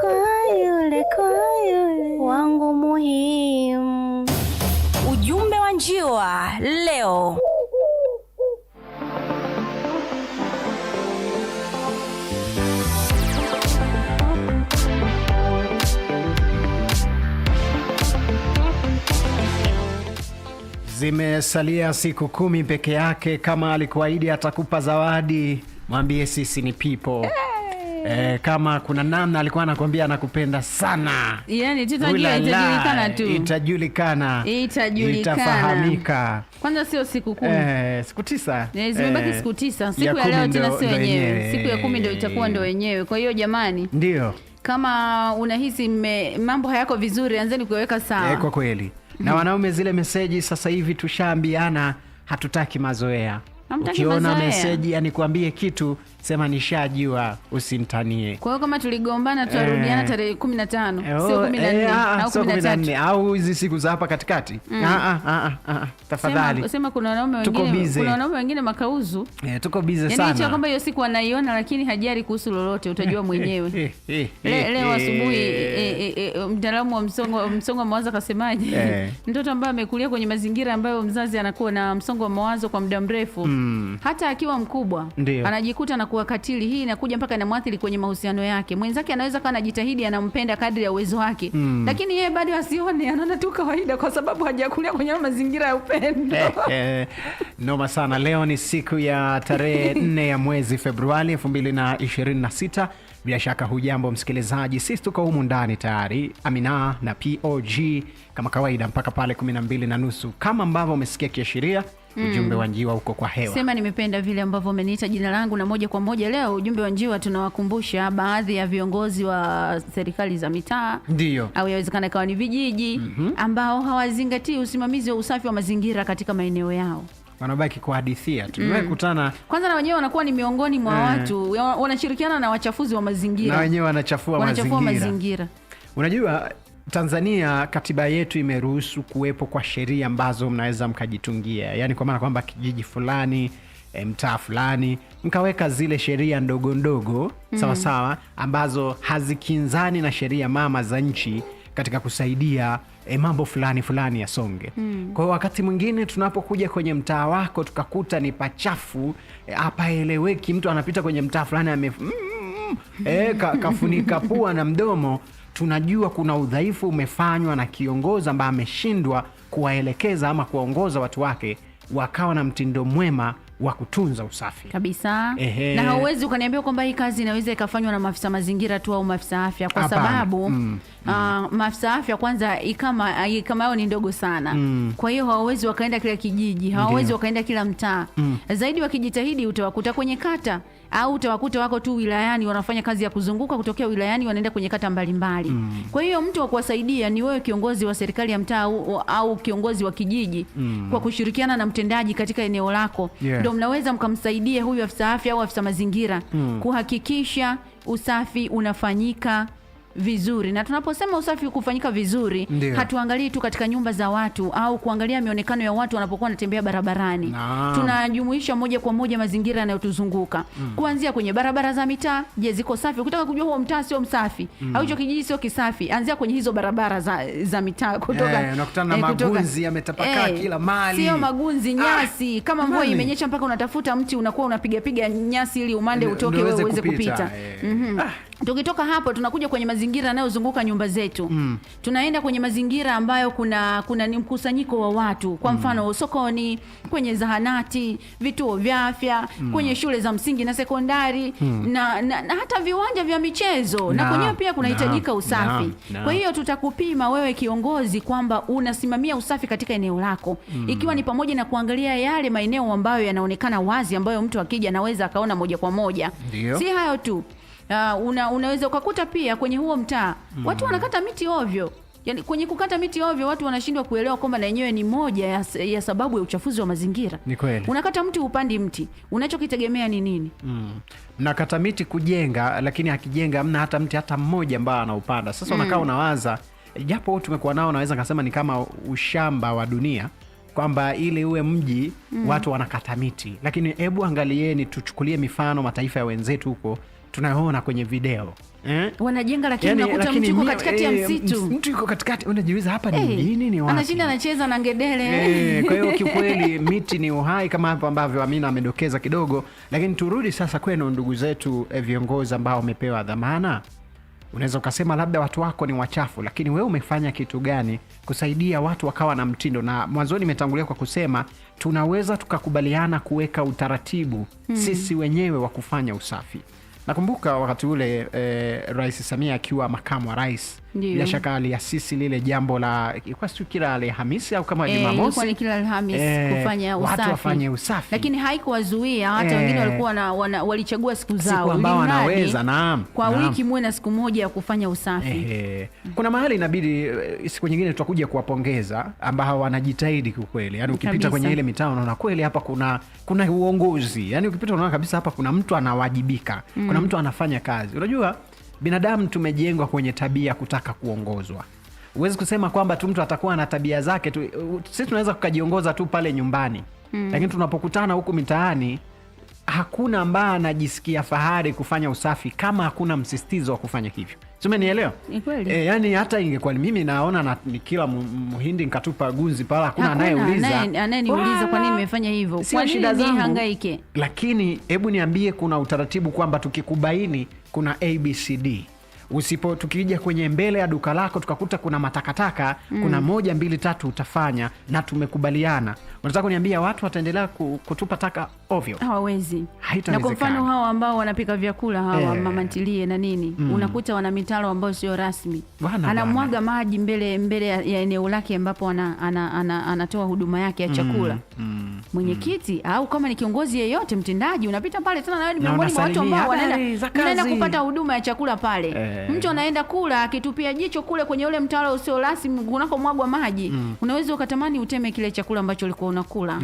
kwa yule, kwa yule wangu muhimu. Ujumbe wa njiwa leo zimesalia siku kumi peke yake. Kama alikuahidi atakupa zawadi, mwambie sisi ni pipo eh, kama kuna namna alikuwa anakuambia anakupenda sana yani, itajulikana tu, itajulikana, itafahamika. Kwanza sio siku kumi eh, siku tisa eh, zimebaki eh, siku tisa. Siku ya, ya leo tena sio wenyewe, siku ya kumi ndio itakuwa ndio wenyewe. Kwa hiyo jamani, ndio kama unahisi mambo hayako vizuri, anzeni kuweka sawa eh, kwa kweli na mhm. wanaume, zile meseji sasa hivi tushaambiana hatutaki mazoea. Ukiona meseji anikuambie kitu sema nishajua, usintanie. Kwa hiyo kama tuligombana tutarudiana eh, tarehe 15 na tano eh, sio kumi na eh, nne ah, au kumi na au hizi siku za hapa katikati mm. ah, ah, ah, ah, ah tafadhali sema, sema kuna wanaume wengine, kuna wanaume wengine makauzu eh, tuko bize yani sana, yani kwamba hiyo siku anaiona lakini hajari kuhusu lolote, utajua mwenyewe eh, eh, le, eh, leo asubuhi eh, eh, mtaalamu wa msongo msongo wa mawazo akasemaje? eh. mtoto ambaye amekulia kwenye mazingira ambayo mzazi anakuwa na msongo wa mawazo kwa muda mrefu mm. hata akiwa mkubwa Ndiyo. anajikuta na kuwa katili, hii inakuja mpaka mwathiri kwenye mahusiano yake. Mwenzake anaweza kuwa anajitahidi, anampenda kadri ya uwezo wake mm. lakini yeye bado asione, anaona tu kawaida, kwa sababu hajakulia kwenye mazingira ya upendo eh, eh, noma sana. Leo ni siku ya tarehe nne ya mwezi Februari na sita. Bila shaka hujambo msikilizaji, sisi tuko humu ndani tayari, Amina na POG kama kawaida, mpaka pale mbili na nusu kama ambavyo umesikia kiashiria mm. ujumbe wa mm. njiwa uko kwa hewa. Sema nimependa vile ambavyo umeniita jina langu, na moja kwa moja leo ujumbe wa njiwa tunawakumbusha baadhi ya viongozi wa serikali za mitaa, ndio au yawezekana ikawa ni vijiji mm -hmm. ambao hawazingatii usimamizi wa usafi wa mazingira katika maeneo yao wanabaki kuhadithia tu. Mm. Kutana kwanza na wenyewe wanakuwa ni miongoni mwa eh, watu wanashirikiana na wachafuzi wa mazingira, na wenyewe wanachafua, wanachafua mazingira. mazingira. Unajua Tanzania katiba yetu imeruhusu kuwepo kwa sheria ambazo mnaweza mkajitungia, yaani kwa maana kwamba kijiji fulani eh, mtaa fulani mkaweka zile sheria ndogo ndogo mm. sawa sawa ambazo hazikinzani na sheria mama za nchi katika kusaidia e, mambo fulani fulani songe mm. Kwa hiyo wakati mwingine tunapokuja kwenye mtaa wako tukakuta ni pachafu eh, hapaeleweki, e, mtu anapita kwenye mtaa fulani ame mm, e, kafunika pua na mdomo tunajua kuna udhaifu umefanywa na kiongozi ambaye ameshindwa kuwaelekeza ama kuwaongoza watu wake wakawa na mtindo mwema wa kutunza usafi kabisa. Ehe. Na hauwezi ukaniambia kwamba hii kazi inaweza ikafanywa na maafisa mazingira tu au maafisa afya kwa Apana. sababu mm. Mm. Uh, afya kwanza ikama kama yao ni ndogo sana mm. Kwa hiyo hawawezi wakaenda kila kijiji, hawawezi wakaenda kila mtaa mm. Zaidi wakijitahidi utawakuta kwenye kata au utawakuta wako tu wilayani wanafanya kazi ya kuzunguka kutokea wilayani wanaenda kwenye kata mbalimbali mm. Kwa hiyo mtu wa kuwasaidia ni wewe kiongozi wa serikali ya mtaa au, au kiongozi wa kijiji mm. Kwa kushirikiana na mtendaji katika eneo lako ndio yes. Mnaweza mkamsaidia huyu afisa afya au afisa mazingira mm. kuhakikisha usafi unafanyika vizuri na tunaposema usafi kufanyika vizuri hatuangalii tu katika nyumba za watu au kuangalia mionekano ya watu wanapokuwa wanatembea barabarani na. tunajumuisha moja kwa moja mazingira yanayotuzunguka mm. kuanzia kwenye barabara za mitaa. Je, ziko safi? Ukitaka kujua huo mtaa sio msafi mm. au hicho kijiji sio kisafi, anzia kwenye hizo barabara za, za mitaa kutoka eh, unakutana eh, magunzi yametapakaa hey, eh, kila mali sio magunzi, ah, nyasi ah, kama mvua imenyesha mpaka unatafuta mti unakuwa unapigapiga nyasi ili umande utoke wewe uweze kupita, kupita. Hey. Eh. Mm -hmm. ah. Tukitoka hapo tunakuja kwenye mazingira yanayozunguka nyumba zetu mm. Tunaenda kwenye mazingira ambayo kuna kuna ni mkusanyiko wa watu, kwa mm. mfano mm. sokoni, kwenye zahanati, vituo vya afya mm. kwenye shule za msingi na sekondari mm. na, na, na hata viwanja vya michezo na, na kwenyewe pia kunahitajika usafi na, na. Kwa hiyo tutakupima wewe kiongozi kwamba unasimamia usafi katika eneo lako mm. ikiwa ni pamoja na kuangalia yale maeneo ambayo yanaonekana wazi ambayo mtu akija anaweza akaona moja kwa moja. Dio. Si hayo tu uh, una, unaweza ukakuta pia kwenye huo mtaa mm. watu mm-hmm. wanakata miti ovyo. yani, kwenye kukata miti ovyo watu wanashindwa kuelewa kwamba na yenyewe ni moja ya, ya sababu ya uchafuzi wa mazingira. Ni kweli. Unakata mti upandi mti. Unachokitegemea ni nini? Mm. Mnakata miti kujenga lakini akijenga mna hata mti hata mmoja ambao anaupanda. Sasa mm. unakaa unawaza japo tumekuwa nao naweza kasema ni kama ushamba wa dunia kwamba ili uwe mji mm. watu wanakata miti, lakini hebu angalieni, tuchukulie mifano mataifa ya wenzetu huko tunayoona kwenye video eh? Wanajenga lakini yani, unakuta mtu yuko katikati ya eh, msitu, mtu yuko katikati, unajiuliza hapa ni hey, eh, nini ni wapi? Anashinda anacheza na ngedele eh, kwa hiyo kiukweli miti ni uhai kama hapo ambavyo Amina amedokeza kidogo, lakini turudi sasa kwenu ndugu zetu eh, viongozi ambao wamepewa dhamana. Unaweza ukasema labda watu wako ni wachafu, lakini wewe umefanya kitu gani kusaidia watu wakawa na mtindo? Na mwanzoni nimetangulia kwa kusema tunaweza tukakubaliana kuweka utaratibu hmm, sisi wenyewe wa kufanya usafi. Nakumbuka wakati ule eh, Rais Samia akiwa makamu wa rais bila shaka aliasisi lile jambo la ilikuwa siku kila Alhamisi au kama eh, Jumamosi, e, ni kila Alhamisi e, eh, kufanya usafi, watu wafanye usafi, lakini haikuwazuia hata e, wengine walikuwa na, wana, walichagua siku zao ambao wanaweza na, kwa naam, wiki muwe na siku moja ya kufanya usafi e, kuna mahali inabidi siku nyingine tutakuja kuwapongeza ambao wanajitahidi kweli, yani ukipita kabisa kwenye ile mitaa unaona kweli hapa kuna kuna uongozi, yani ukipita unaona kabisa hapa kuna mtu anawajibika, mm, kuna mtu anafanya kazi, unajua Binadamu tumejengwa kwenye tabia kutaka kuongozwa. Huwezi kusema kwamba tu mtu atakuwa na tabia zake tu. Sisi tunaweza kukajiongoza tu pale nyumbani mm. Lakini tunapokutana huku mitaani hakuna ambaye anajisikia fahari kufanya usafi kama hakuna msisitizo wa kufanya hivyo. Umenielewa? E, yani hata ingekuwa mimi naona na, kila Mhindi nkatupa gunzi pala, hakuna anayeuliza anayeniuliza kwa nini nimefanya hivyo, kwa nini nihangaike. Lakini hebu niambie, kuna utaratibu kwamba tukikubaini kuna ABCD usipo tukija kwenye mbele ya duka lako tukakuta kuna matakataka mm. kuna moja mbili tatu utafanya, na tumekubaliana. Unataka kuniambia watu wataendelea kutupa taka ovyo hawawezi. Na kwa mfano hawa ambao wanapika vyakula hawa e, eh. mamantilie na nini mm, unakuta wana mitalo ambayo sio rasmi, anamwaga maji mbele mbele ya eneo lake ambapo anatoa ana, ana, ana, ana huduma yake ya mm, chakula mm, mm, mwenyekiti mm, au kama ni kiongozi yeyote mtendaji, unapita pale tena na ni miongoni mwa watu ambao wanaenda kupata huduma ya chakula pale e, mtu anaenda kula akitupia jicho kule kwenye ule mtalo usio rasmi unakomwagwa maji mm, unaweza ukatamani uteme kile chakula ambacho ulikuwa unakula.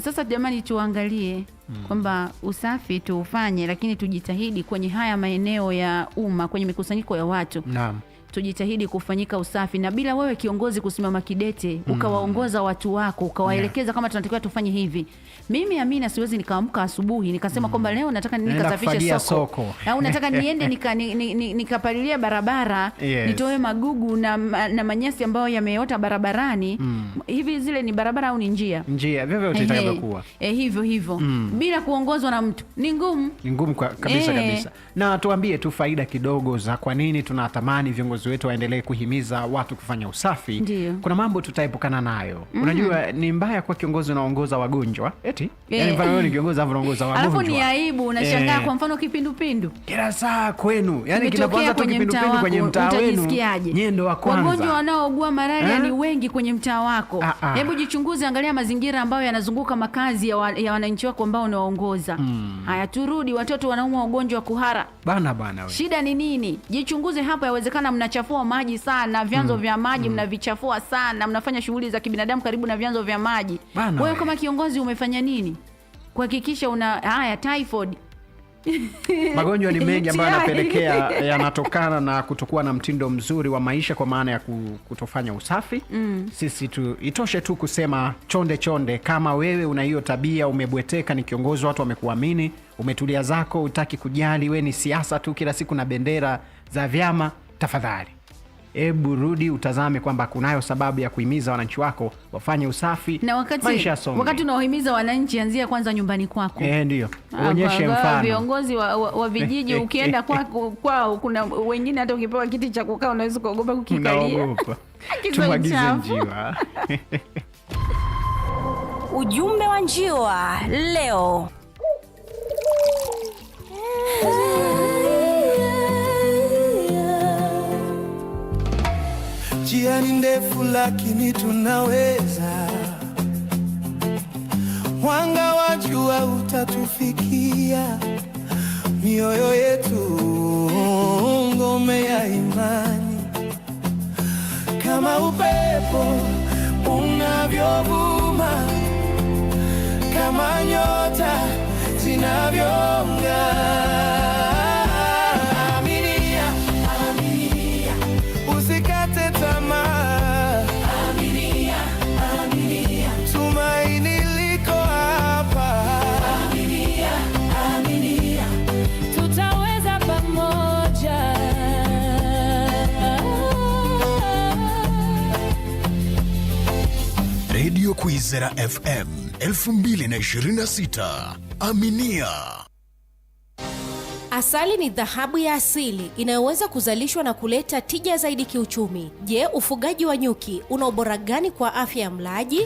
Sasa jamani, tuangalie mm. kwamba usafi tuufanye, lakini tujitahidi kwenye haya maeneo ya umma, kwenye mikusanyiko ya watu Naam tujitahidi kufanyika usafi, na bila wewe kiongozi kusimama kidete mm. ukawaongoza watu wako ukawaelekeza yeah. kama tunatakiwa tufanye hivi. Mimi Amina, siwezi nikaamka asubuhi nikasema mm. kwamba leo nataka nikasafishe soko soko. au nataka niende nikapalilia ni, ni, ni, ni barabara yes. nitoe magugu na, na manyasi ambayo yameota barabarani mm. hivi zile ni barabara au ni njia njia, vyovyote eh, itakavyokuwa eh, eh, hivyo hivyo mm. bila kuongozwa na mtu ni ngumu, ni ngumu kabisa eh. kabisa. Na tuambie tu faida kidogo za kwa nini tunatamani viongozi viongozi wetu waendelee kuhimiza watu kufanya usafi Ndiyo. kuna mambo tutaepukana nayo mm -hmm. Unajua ni mbaya kwa kiongozi unaongoza wagonjwa eti eh, Yani mfano eh. ni kiongozi alafu unaongoza wagonjwa alafu ni aibu unashangaa eh. Kwa mfano kipindupindu kila saa kwenu, yani kinapoanza tu kipindupindu kwenye mtaa wenu nyie ndo wa kwanza. Wagonjwa wanaougua malaria ni wengi kwenye mtaa wako. Ah, ah. Hebu jichunguze, angalia mazingira ambayo yanazunguka makazi ya, wa, ya wananchi wako ambao unawaongoza. hmm. Haya, turudi, watoto wanaumwa ugonjwa wa kuhara bana bana, we shida ni nini? Jichunguze hapo, yawezekana mna mnachafua maji sana, vyanzo mm. vya maji mm. mnavichafua sana, mnafanya shughuli za kibinadamu karibu na vyanzo vya maji. Wewe kama kiongozi umefanya nini kuhakikisha una haya typhoid magonjwa ni mengi ambayo yanapelekea yanatokana na kutokuwa na mtindo mzuri wa maisha, kwa maana ya kutofanya usafi mm. Sisi tu, itoshe tu kusema chonde chonde, kama wewe una hiyo tabia, umebweteka, ni kiongozi, watu wamekuamini, umetulia zako, utaki kujali, we ni siasa tu, kila siku na bendera za vyama tafadhali ebu rudi utazame kwamba kunayo sababu ya kuhimiza wananchi wako wafanye usafi na wakati, unawahimiza wananchi, anzia kwanza nyumbani kwako. e, ndio ah, uonyeshe Viongozi wa, wa, wa vijiji ukienda kwao kwa, kuna wengine hata ukipewa kiti cha kukaa unaweza kuogopa kukikalia. njiwa. Ujumbe wa njiwa leo. Njia ni ndefu lakini tunaweza, mwanga wa jua utatufikia. Mioyo yetu ngome ya imani, kama upepo unavyovuma, kama nyota zinavyong'aa Kwizera FM 2026. Aminia. Asali ni dhahabu ya asili inayoweza kuzalishwa na kuleta tija zaidi kiuchumi. Je, ufugaji wa nyuki una ubora gani kwa afya ya mlaji?